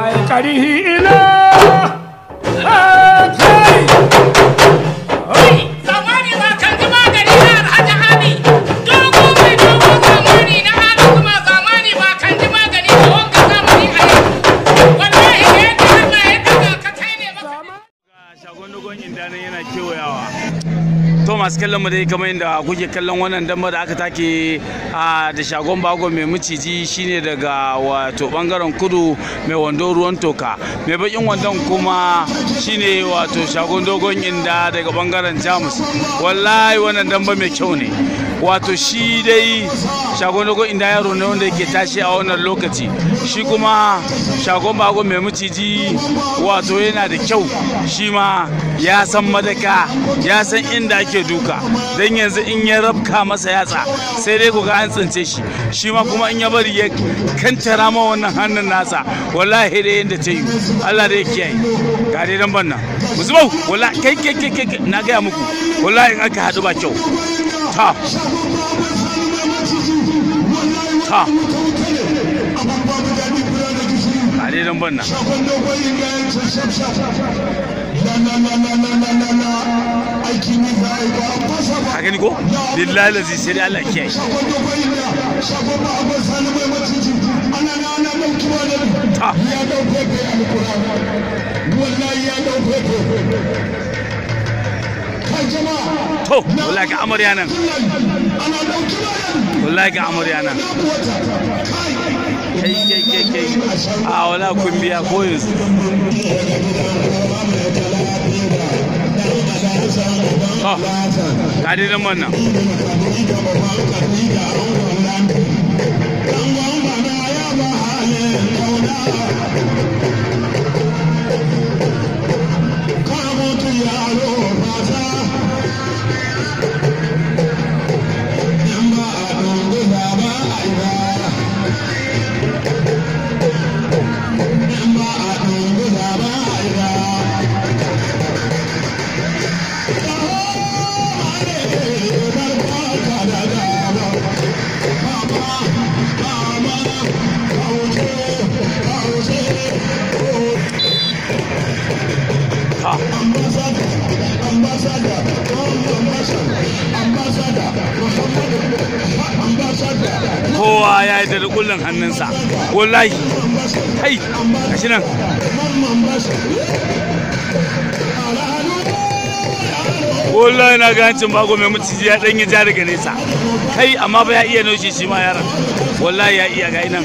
my Kadihila. kallon mu dai kamar yadda kuke kallon wannan damba da aka take da shagon bago mai miciji shine daga wato bangaren kudu mai wando ruwan toka mai bakin wandon kuma shine wato shagon dogon inda daga bangaren jamus wallahi wannan damba mai kyau ne wato shi dai shagon dogo inda yaro ne wanda yake tashi a wannan lokaci shi kuma shagon bago mai maciji wato yana da kyau shi ma ya san madaka ya san inda ake duka don yanzu in ya rabka masa yatsa sai dai ku ga an tsince shi shi ma kuma in ya bari ya kantara ma wannan hannun nasa wallahi dai yadda ta yi Allah dai kiyaye ga dan banna musu wallahi kai kai kai na gaya muku wallahi in aka haɗu ba kyau ta ta a ka gani ko lillahi lazi sai dai Allah kiyaye ta ya dauke kai alkur'ani wallahi ya dauke kai to wallahi ga nan wallahi ga amarya nan kai kai kai kai a wala kun biya ko ba kowa ya yi da kullun hannunsa wallahi kai gashi nan wallahi na bago mai ya ja daga nesa kai amma ba ya iya naushe shi ma yaran wallahi ya iya ga nan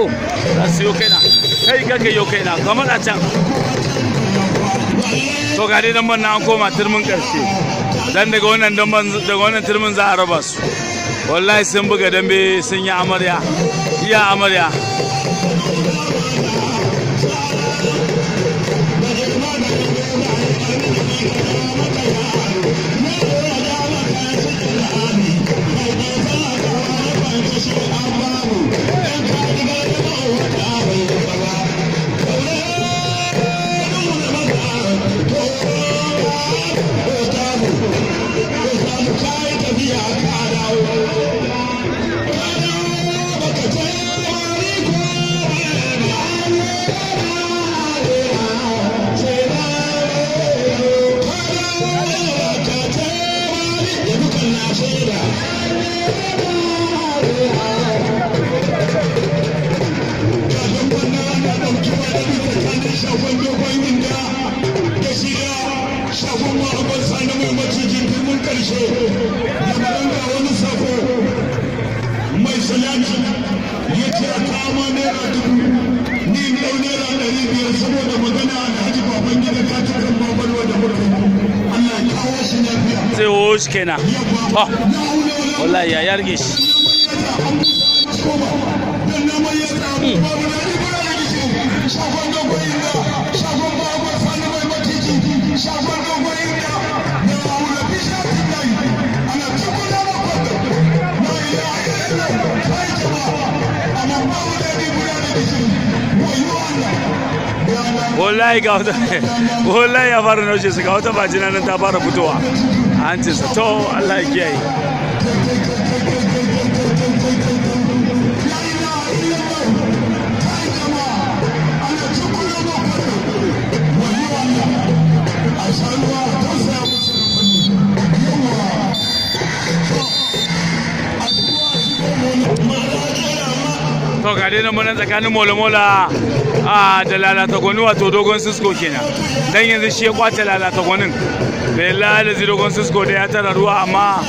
oh za su yo kaina kamar a can to ga dai na an koma turmin karshe dan daga wannan daga wannan turmin za a raba su wallahi sun buga dambe sun yi amarya iya amarya Thank you. an babu, ɗan kaɗi gari ma'aurata bai kenan wallahi ya yarge shi wallahi ga wata wallahi ya fara naushe su ga wata majina nan ta fara fitowa a hancinsa to Allah ya kiyaye to ga dai nan tsakanin mola-mola a ah, da lalata gwani wato dogon sisko kenan dan yanzu shi ya kwace lalata gwanin da ya lalata dogon sisko da ya tara ruwa amma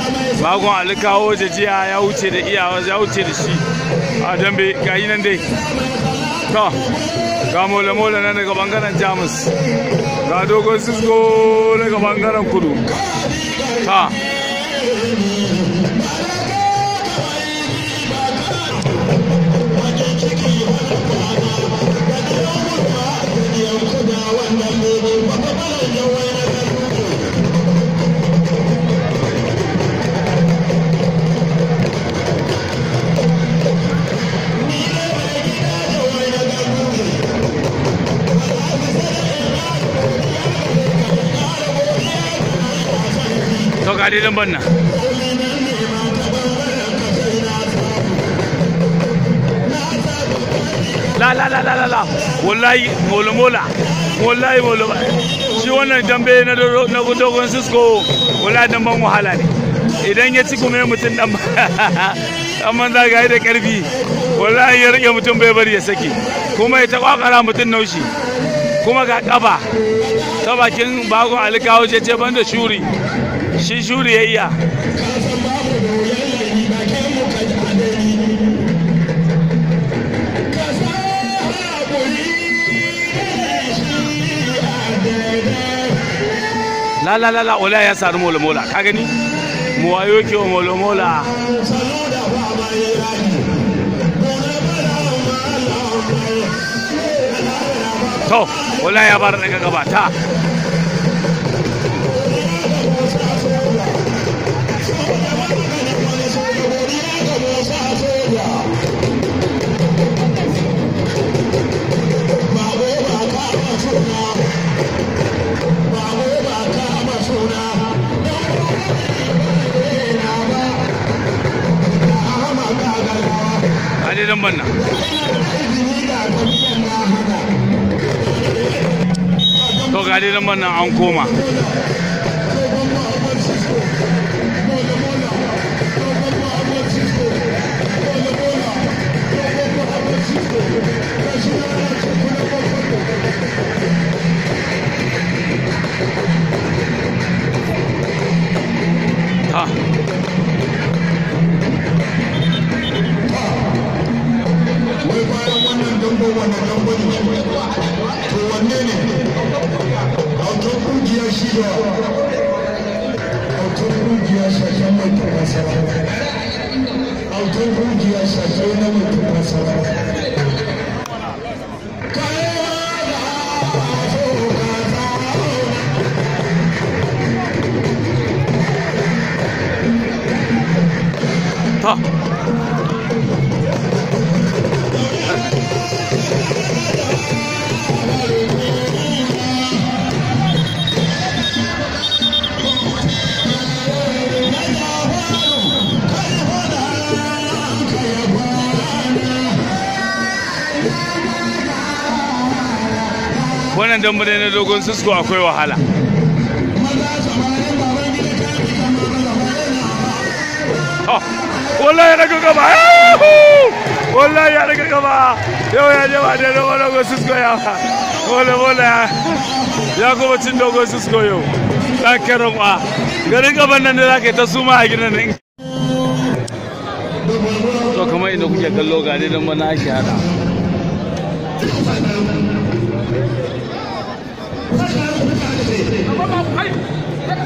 bagon alkawo jajiya ya wuce da iyawa ya wuce da shi a ah, dambe gayi nan dai to ga mola-mola na daga bangaren jamus ga dogon sisko daga bangaren kudu ta dai lambar nan la la la la la la wallahi mola mola wallahi mola mola shi wannan dambe na na dogon sisko wallahi dan ban wahala ne idan ya ci kuma ya mutum dan amma za ga da karfi wallahi ya rike mutum bai bari ya saki kuma ya ta kwakara mutum naushi kuma ga kaba ta bakin bago alikawo ce ce banda shuri shi juriyayya la la la ola ya sari mola mola ka gani mu wayo ke mola mola to ola ya bar daga gabata gidan manna to ga gidan manna an koma wasan dambare na dogon sisko akwai wahala oh, wallah ya daga gaba wallah ya daga gaba yau ya je ba da dogon dogon sisko ya ba wallah wallah ya kuma cin dogon sisko yau ta karin kwa garin gaban nan da za ka yi ta suma a gidan nan to kamar inda kuke kallo ga dai don bana ake hada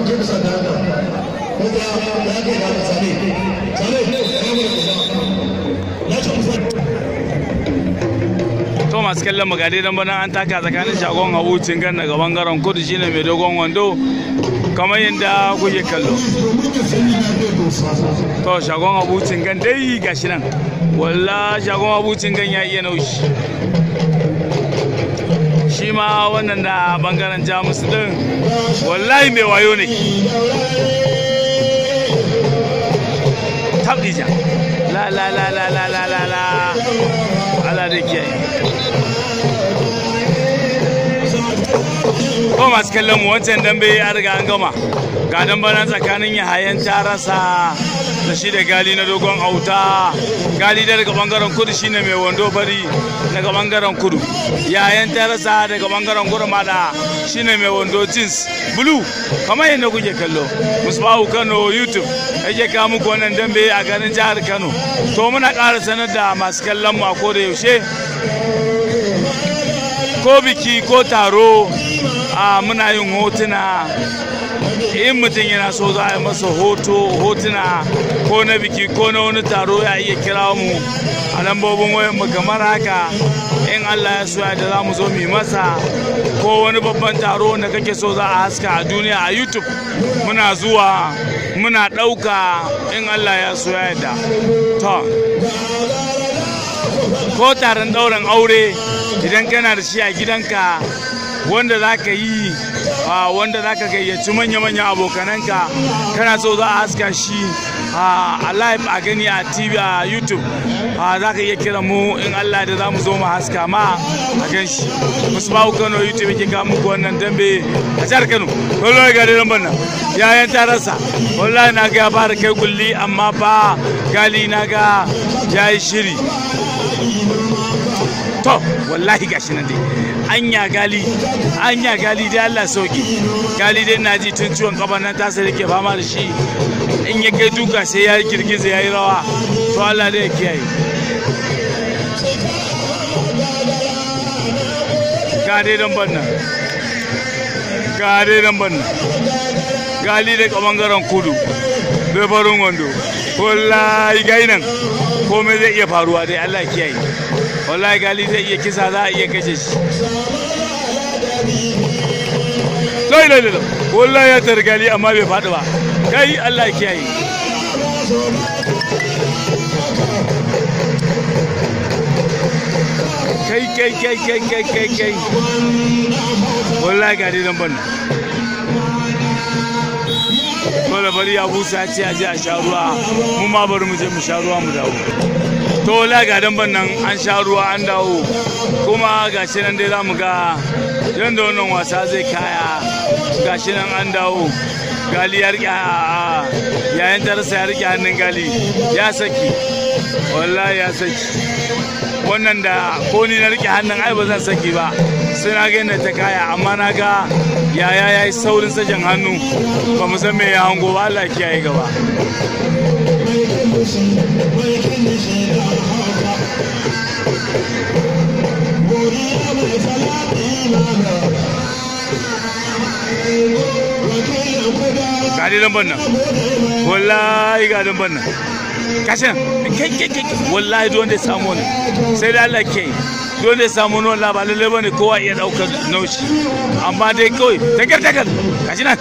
thomas bisa ga haka ke kallon don bana an taka tsakanin shagon hawu gan daga bangaren kudu shine mai dogon wando kamar yadda kuke kallo to shagon abucin gan dai gashi nan walla shagon abucin gan ya iya naushi shi ma wannan da bangaren jamus din wallahi mai wayo ne tabija la la la la la la la la ala la la masu kallon mu wancan dambe ya riga an gama ga dambana tsakanin hayan tarasa da shi da gali na dogon auta gali da daga bangaren kudu ne mai wando fari daga bangaren kudu yahayen tarasa daga bangaren shi ne mai wando jeans blue kamar yadda kuke kallo musbahu kano youtube yake kawo muku wannan dambe a garin jihar kano to muna ƙara sanar da masu kallon mu a yaushe ko biki ko taro muna yin hotuna in mutum yana so za a yi masa hoto hotuna ko na biki ko na wani taro ya iya kira mu a lambobin wayan mu kamar haka in Allah ya soya da za mu zo mu masa ko wani babban taro wanda kake so za a haska a duniya a YouTube muna zuwa muna ɗauka in Allah ya soya da to ko taron ɗaurin aure idan kana da shi a gidanka wanda za ka yi wanda za ka gayyaci manya-manya abokananka kana so za a haska shi a live a gani a tv a youtube za ka iya kira mu in allah da za mu zo mu haska ma a gan shi musu ba kano youtube ke kama muku wannan dambe a jihar kano dole ga daren bannan yayan tararsa wallahi na ga ya fara kai kulli amma ba gali na ga ya yi shiri to wallahi gashi nan dai anya gali anya gali dai Allah sauki gali dai na ji tun ciwon kaban nan tasa da ke fama da shi in ya kai duka sai ya girgiza ya yi rawa to Allah dai ya kiyaye gari dan banna ga dai dan banna gali da kaman garan kudu da wando wallahi gai nan komai zai iya faruwa dai Allah kiyaye wallahi gali zai iya kisa za a iya kashe shi lai lai lai wallahi ya tare gali amma bai faɗi ba kai Allah kiyaye kai kai kai kai kai kai kai wallahi gali nan ban da bari ya busa ce ya je a sha ruwa mu ma bari mu je mu sha ruwa mu dawo to wallahi ga dan nan an sha ruwa an dawo kuma ga shi nan dai za mu ga yanda wannan wasa zai kaya ga shi nan an dawo gali ya rike a yayin tarasa ya rike hannun gali ya saki wallahi ya saki wannan da ko ni na rike hannun ai ba zan saki ba sai na ga ta kaya amma na ga yaya ya yi saurin sakin hannu ba mu san me ya hango ba Allah kiyaye gaba Gadi dai lambar nan wallahi ga lambar nan kashin kai kai kai wallahi duk wanda ya samu ne. sai da Allah ke dole samu nuwan laba lalle ne kowa iya daukar naushi amma dai kawai tagar tagar kashi nan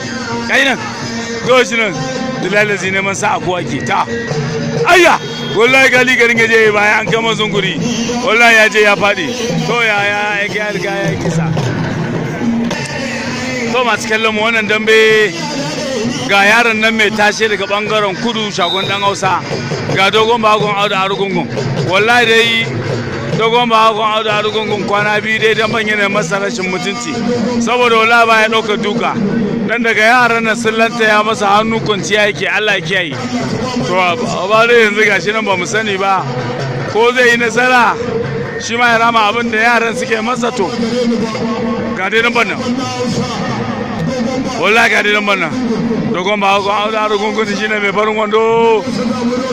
kashi nan kawai shi nan dilalazi neman sa akuwa ke ta ayya wallahi gali garin gaje baya an kama zunguri wallahi ya je ya faɗi to ya ya ya riga ya kisa to masu kallon mu wannan dambe ga yaron nan mai tashe daga bangaren kudu shagon dan hausa ga dogon bagon auda arugungun wallahi dai dogon ba kun auda arugungun kwana biyu dai don manyan masa rashin mutunci saboda wala ba ya ɗauka duka dan daga yaran na sun lantaya ya masa hannu kwanciya yake allah ya kiyaye to ba dai yanzu gashi nan ba mu sani ba ko zai yi nasara shi ma ya rama abin da yaran suke masa to ga dai nan wallahi ga dinan banna dogon ba ko auda rugungun shine mai farin wando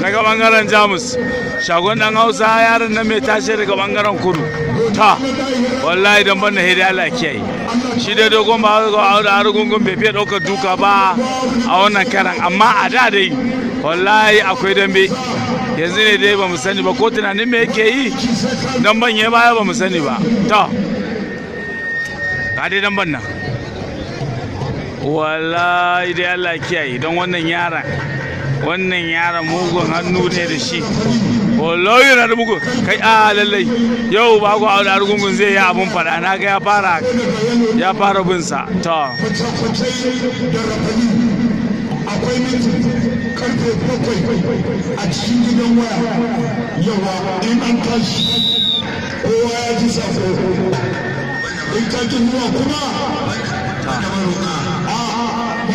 ga bangaran jamus shagon dan hausa yaron nan mai tashi daga bangaran kudu ta wallahi dan banna hede Allah kiyaye shi dai dogon ba ko auda rugungun bai fiye doka duka ba a wannan karan amma a da dai wallahi akwai dambe yanzu ne dai ba mu sani ba ko tunanin me yake yi dan banye baya ba mu sani ba to ga dai dan banna wallahi dai Allah kiyaye don wannan yaran wannan yaran mugun hannu ne da shi wallahi yana da mugun kai a lallai yau ba ku aure argungun zai yi abun fada na ga ya fara ya fara bin sa to akwai karfe bakwai a cikin gidan waya yawa in an tashi kowa ya ji in ka kuma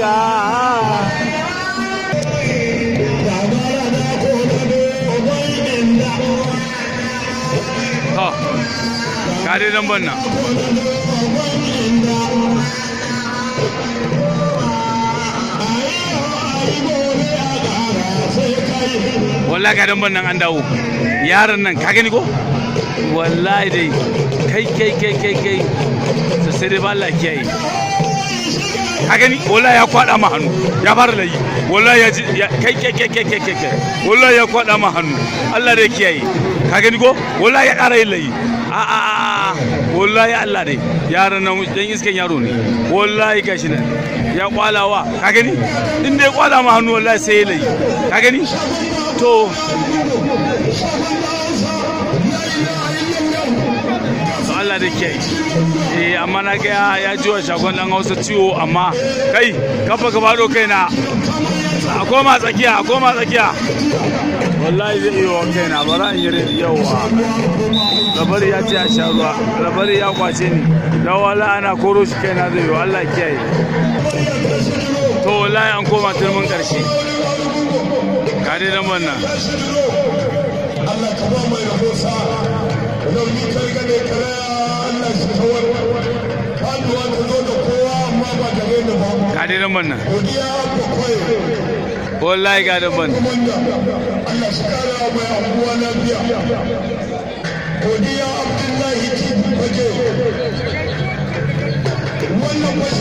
Wow. dai lambar nan wallahi ga lambar nan an dawo yaran nan ka gani ko wallahi dai kai kai kai kai kai su sai dai ba Allah kiyaye ka gani wallahi ya kwada ma hannu ya fara layi wallahi ya kai kai kai kai kai kai wallahi ya kwada ma hannu Allah dai kiyaye ka gani ko wallahi ya ƙara yin layi a a a wallahi Allah ne yaran nan dan iskan yaro ne wallahi gashi nan ya kwalawa ka gani in dai kwala ma hannu wallahi sai ya layi ka gani to Allah da ke eh amma na ga ya ji wa shagon dan Hausa ciwo amma kai kafa ka bado na. a koma tsakiya a koma tsakiya wallahi zai yi wa kaina bara in yi a labari ya ce a sha ruwa labari ya kwace ni don wala ana koro shi kaina zai yi Allah kiyaye to wallahi an koma turmin karshe kare nan ka ba kare nan godiya wallahi ga da ban Allah shi kara mai anguwa lafiya godiya abdullahi ci fage wannan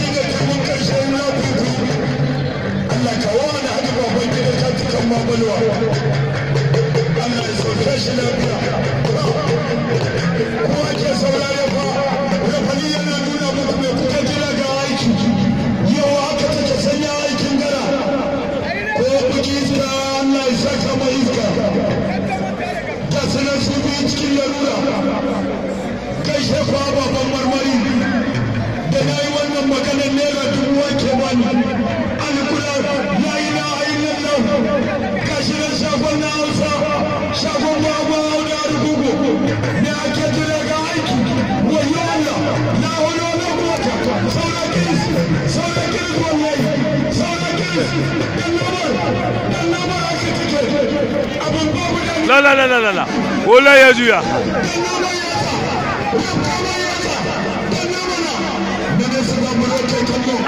la la la la la la wala ya juya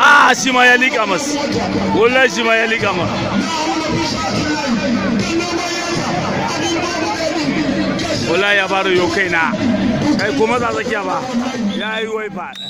ah shi ya liƙa masu wala shi ma ya liƙa masu wala ya baro yau kai na kai kuma za tsakiya ba ya yi waifa